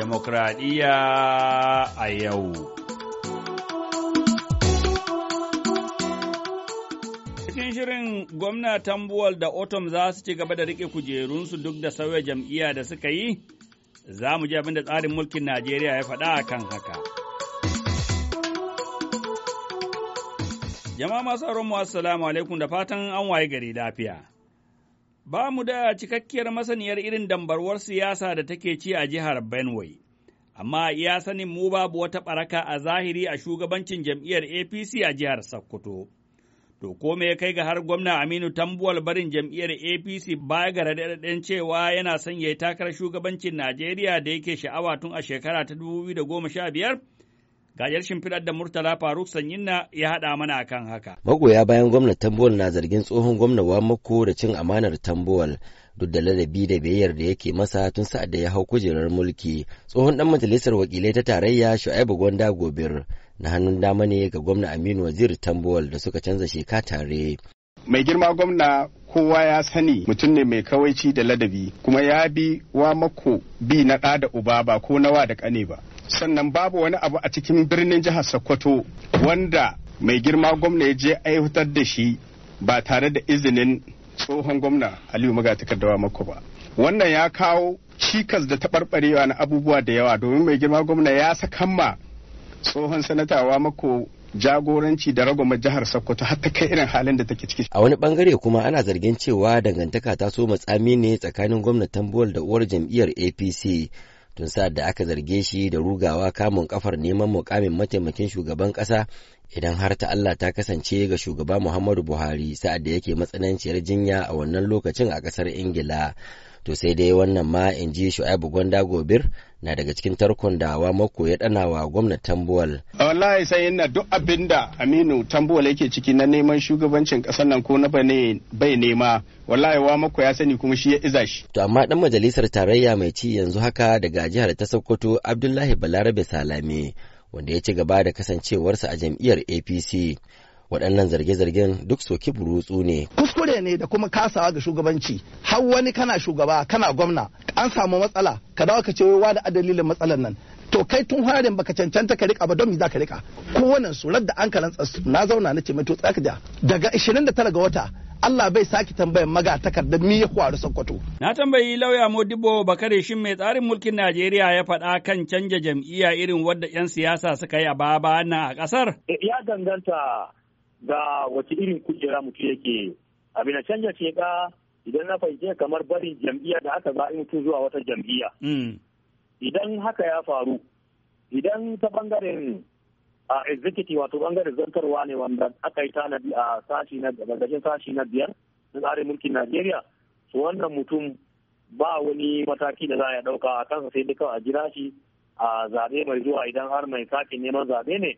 Demokradiyya a yau. Cikin shirin gwamna Tambuwal da Otom za su ci gaba da riƙe kujerunsu duk da sauya jam'iyya da suka yi, za mu ji abin da tsarin mulkin Najeriya ya faɗa a kan haka. Jama'a masu mu assalamu alaikum da fatan an waye gari lafiya. ba mu da cikakkiyar masaniyar irin dambarwar siyasa da take ci a jihar Benue. Amma ya sanin mu babu wata ɓaraka a zahiri a shugabancin jam'iyyar APC a jihar Sokoto. To ko me ya kai ga har gwamna Aminu Tambuwal barin jam'iyyar APC baya ga raɗaɗɗen cewa yana son ya takarar shugabancin Najeriya da yake sha'awa tun a shekara ta 2015? Gajiyar shimfiɗar da Murtala Faruk Sanyinna ya haɗa mana akan haka. Magoya bayan gwamnan Tambuwal na zargin tsohon gwamna Wamako da cin amanar Tambuwal duk da ladabi da biyayyar da yake masa tun sa'ad da ya hau kujerar mulki. Tsohon ɗan majalisar wakilai ta tarayya Shu'aibu Gwanda Gobir na hannun dama ne ga gwamna Aminu Wazir Tambuwal da suka canza sheka tare. Mai girma gwamna kowa ya sani mutum ne mai kawaici da ladabi kuma ya bi wa mako bi na ɗa da uba ba ko nawa da ƙane ba sannan babu wani abu a cikin birnin jihar sokoto wanda mai girma gwamna ya je aiwatar da shi ba tare da izinin tsohon gwamna aliyu magatakardawa mako ba wannan ya kawo cikas da taɓarɓarewa na abubuwa da yawa domin mai girma gwamna ya sakamma tsohon sanatawa mako jagoranci da ragoma jihar Sokoto har ta kai irin halin da take ciki. A wani bangare kuma ana zargin cewa dangantaka ta so matsami ne tsakanin gwamnatin Bol da uwar jam'iyyar APC tun sa'ad da aka zarge shi da rugawa kamun kafar neman mukamin mataimakin shugaban ƙasa idan har ta Allah ta kasance ga shugaba Muhammadu Buhari sa'ad da yake matsananciyar jinya a wannan lokacin a ƙasar Ingila. to sai dai wannan ma in ji shu'aibu gwanda gobir na daga cikin tarkon da wa mako ya dana wa gwamnati tambuwal wallahi sai yana duk abin da aminu tambuwal yake ciki na neman shugabancin kasar nan ko na bane bai nema wallahi wa mako ya sani kuma shi ya iza shi to amma dan majalisar tarayya mai ci yanzu haka daga jihar ta sokoto abdullahi balarabe salame wanda ya ci gaba da kasancewarsa a jam'iyyar apc waɗannan zarge-zargen duk soki burutsu ne kuskure ne da kuma kasawa ga shugabanci har wani kana shugaba kana gwamna an samu matsala ka dawo ka ce wa da adalilin matsalan matsalar nan to kai tun harin baka cancanta ka rika ba don mi za ka rika kowannen su da an karanta su na zauna na ce mai to tsaka da daga 29 ga wata Allah bai sake tambayan maga takarda mi ya da Sokoto. Na tambayi lauya Modibo Bakare shin mai tsarin mulkin Najeriya ya faɗa kan canja jam'iyya irin wadda 'yan siyasa suka yi a baba na a ƙasar? Eh, ya danganta ga wace irin kujera mutum yake abin a canja sheka idan na fahimce kamar barin jam'iyya da aka zaɓi mutum zuwa wata jam'iyya. Hmm. Idan haka ya faru, idan ta bangaren a executive wato bangaren zartarwa ne wanda aka yi tanadi a sashi na gargashin sashi na biyar na tsarin mulkin Najeriya, su wannan mutum ba wani mataki da za a ɗauka a kansa sai duka a jira shi a zaɓe mai zuwa idan har mai sake neman zaɓe ne.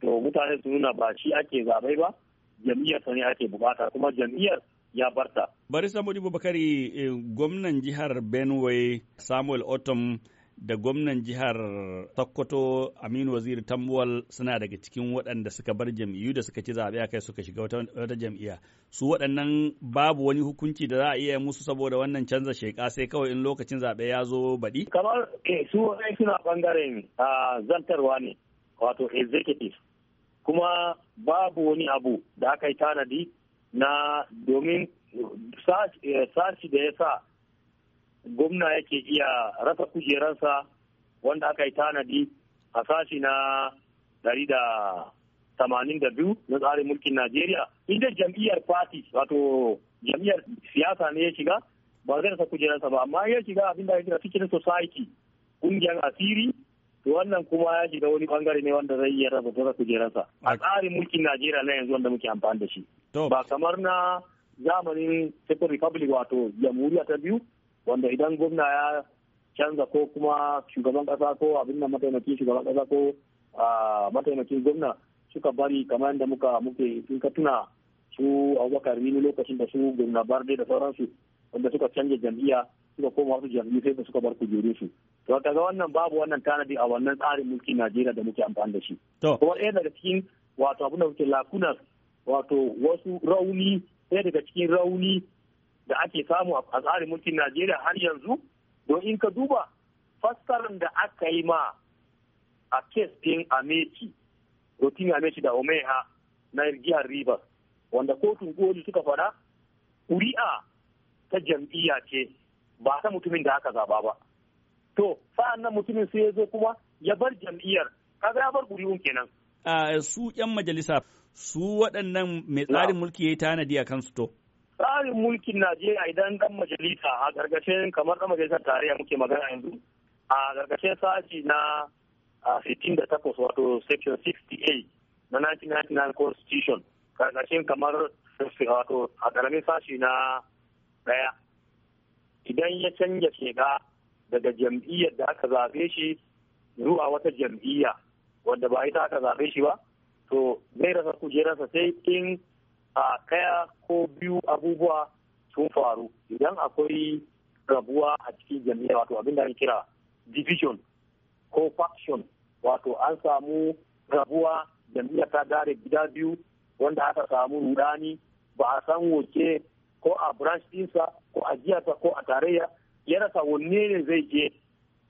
to mutane su nuna ba shi ake zaɓe ba jam'iyyar ta ne ake bukata kuma jam'iyyar ya barta. Bari dubu bakari eh, gwamnan jihar Benue Samuel Otom da gwamnan jihar Sokoto Aminu Waziri Tambuwal suna daga cikin waɗanda suka bar jam'iyyu da suka ci zaɓe a kai suka shiga wata jam'iyya. Su waɗannan babu wani hukunci da za a iya musu saboda wannan canza sheka sai kawai in lokacin zaɓe ya zo baɗi? Kamar eh, su suna ɓangaren ah, zantarwa ne, wato executive. kuma babu wani abu da aka yi tanadi na domin eh, sashi da ya sa gwamna yake iya rasa kujeransa wanda aka yi tanadi a sashi na dari da tamanin da biyu na tsarin mulkin Najeriya inda jam'iyyar party wato jam'iyyar siyasa ne ya shiga ba zai rasa kujeransa ba amma ya shiga abin da ya shiga cikin society kungiyar asiri wannan kuma ya shiga wani bangare ne wanda zai iya rasa ta sa. a tsarin mulkin najeriya na yanzu wanda muke amfani da shi ba kamar na zamanin second republic wato jamhuriya ta biyu wanda idan gwamna ya canza ko kuma shugaban kasa ko abin nan mataimakin shugaban kasa ko mataimakin gwamna suka bari kamar yadda muka muke in ka tuna su abubakar mini lokacin da su gwamna barde da sauransu wanda suka canza jam'iyya suka koma wasu jam'iyyu sai da suka bar kujeru su to kaga wannan babu wannan tanadi a wannan tsarin mulkin Najeriya da muke amfani da shi kuma ɗaya daga cikin wato abin da muke lakuna wato wasu rauni ɗaya daga cikin rauni da ake samu a tsarin mulkin Najeriya har yanzu don in ka duba fassarar da aka yi ma a kes ɗin Ameci rotin Ameci da Omeha na jihar Rivers wanda kotun koli suka faɗa ƙuri'a ta jam'iyya ce ba ta mutumin da aka zaba ba to sa'an nan mutumin sai ya zo kuma ya bar jam'iyyar kaga ya bar ƙuri'un kenan a su yan majalisa su waɗannan mai tsarin mulki ya tanadi a kansu to tsarin mulkin Najeriya idan dan majalisa a gargashin kamar dan majalisar tarayya muke magana yanzu a gargashin sashi na a da takwas wato section 68 na 1999 constitution gargashin kamar wato a ƙaramin sashi na ɗaya idan ya canja shiga daga jam'iyyar da aka zaɓe shi zuwa wata jam'iyya wadda ba ita aka zaɓe shi ba to zai rasa kujerarsa sai in a kaya ko biyu abubuwa sun faru idan akwai rabuwa a cikin jam'iyya wato abin da kira division ko faction wato an samu rabuwa jam'iyya ta dare gida biyu wanda aka samu rudani ba a san wace ko a branch dinsa ko a jiyarsa ko a tarayya ya rasa wanne ne zai je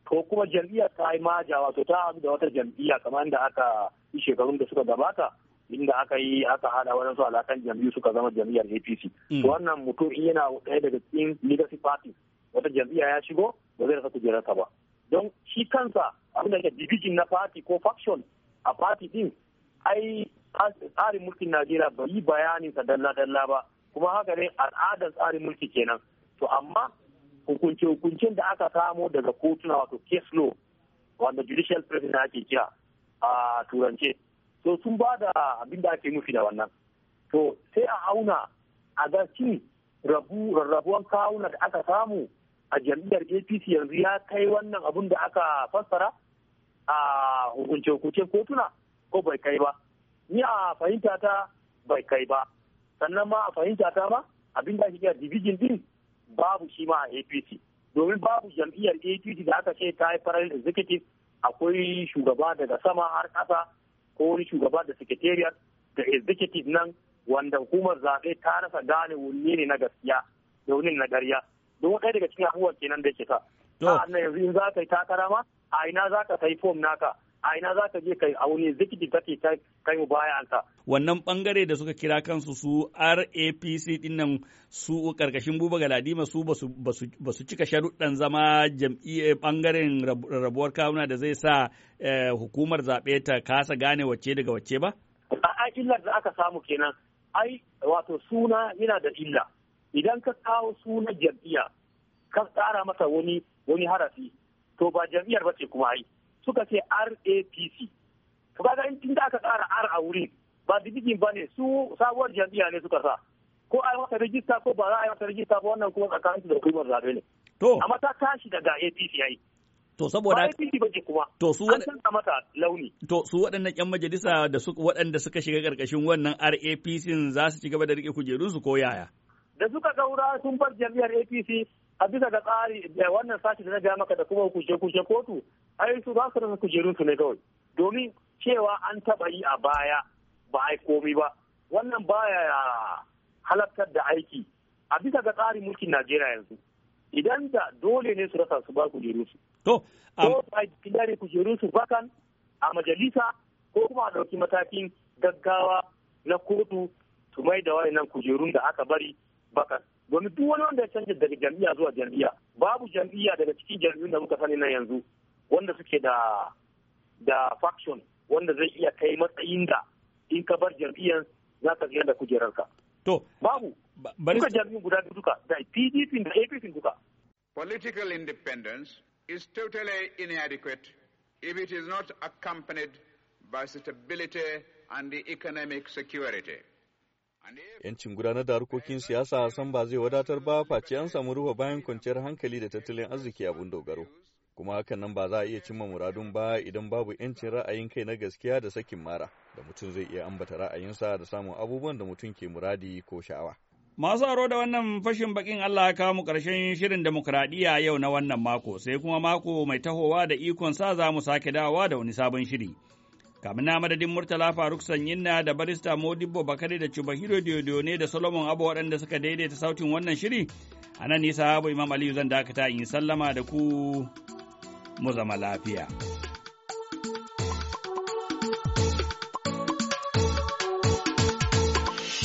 ko kuma jam'iyyar ta yi maja wato ta abu da wata jam'iyya kamar da aka yi shekarun da suka gabata inda aka yi aka hada su alakan jam'iyyu suka zama jam'iyyar APC. Mm. wannan mutum in yana ɗaya daga cikin legacy party wata jam'iyya ya shigo ba zai rasa kujerarsa ba. Don shi kansa abin da ke division na party ko faction a party din ai tsarin mulkin Najeriya ba yi bayanin sa dalla-dalla ba kuma haka ne al'adar tsarin mulki kenan. To amma hukunce-hukuncen da aka samu daga kotuna wato case law wanda judicial president ake kira a turance to sun ba da abin da ake nufi da wannan to sai a auna a ga shin rarrabuwan kawuna da aka samu a jam'iyyar apc yanzu ya kai wannan abin da aka fassara a hukunce-hukuncen kotuna ko bai kai ba ni a fahimta ta bai kai ba sannan ma a fahimta ta ma abin da ake kira division din babu shi ma a apc domin babu jam'iyyar apc da aka ce ta yi farar executive akwai shugaba daga sama har kasa ko wani shugaba da secretariat da executive nan wanda hukumar zaɓe ta rasa gane wanne ne na gaskiya da wani na ƙarya don ɗaya daga cikin abubuwan kenan da ke sa a yanzu in za ka yi takara ma a ina za ka sayi fom naka a ina za ka je kai aure zikiti kake kai mu baya sa. wannan bangare da suka kira kansu su RAPC dinnan su karkashin Buba Galadima su basu su cika sharuɗan zama jam'iyyar bangaren eh, rabuwar kawuna da zai sa eh, hukumar zaɓe ta kasa gane wacce daga wacce ba a illar da aka samu kenan ai wato suna yana da illa idan ka kawo sunan jam'iyya ka tsara mata wani wani harafi to ba jam'iyyar ba ce kuma ai suka ce rapc to kaga in da aka tsara r a wuri ba digigin ba ne su sabuwar jami'a ne suka sa ko a wata rijista ko ba za a yi wata rijista ba wannan kuma tsakanin da kuma zaɓe ne to amma ta tashi daga apc yi. To saboda to su mata launi. To su waɗannan ƴan majalisa da su waɗanda suka shiga ƙarƙashin wannan RAPC za su ci gaba da rike kujerunsu ko yaya? Da suka gaura sun bar jami'ar APC a bisa ga tsari da wannan sati da na gaya maka da kuma hukunce-hukunce kotu ai su ba su rasa kujerunsu ne kawai domin cewa an taba yi a baya ba ai komi ba wannan baya halartar da aiki a bisa ga tsarin mulkin najeriya yanzu idan da dole ne su rasa su ba kujerunsu to ko ba kidare kujerunsu bakan a majalisa ko kuma a ɗauki matakin gaggawa na kotu su mai da wayannan kujerun da aka bari bakan domin duk wani wanda ya canja daga jam'iyya zuwa jam'iyya babu jam'iyya daga cikin jam'iyyun da muka sani na yanzu wanda suke da da faction wanda zai iya kai matsayin da in ka bar jam'iyyan za ka da kujerarka. To, babu, duka jam'iyyun guda duka, da PDP da APC duka. Political independence is totally inadequate if it is not accompanied by stability and economic security. Yancin gudanar da harkokin siyasa san ba zai wadatar ba face an samu ruwa bayan kwanciyar hankali da tattalin arziki abin dogaro. Kuma hakan nan ba za a iya cimma muradun ba idan babu yancin ra'ayin kai na gaskiya da sakin mara da mutum zai iya ambata ra'ayinsa da samun abubuwan da mutum ke muradi ko sha'awa. Masu aro da wannan fashin bakin Allah ya kawo mu ƙarshen shirin demokuraɗiyya yau na wannan mako, sai kuma mako mai tahowa da ikon sa za mu sake dawowa da wani sabon shiri. na madadin murtala faruk sanyinna da barista modibo bakare da cubahiro ne da solomon abu waɗanda suka daidaita sautin wannan shiri a nan nisa abu imam aliyu zan dakata in sallama da ku mu zama lafiya.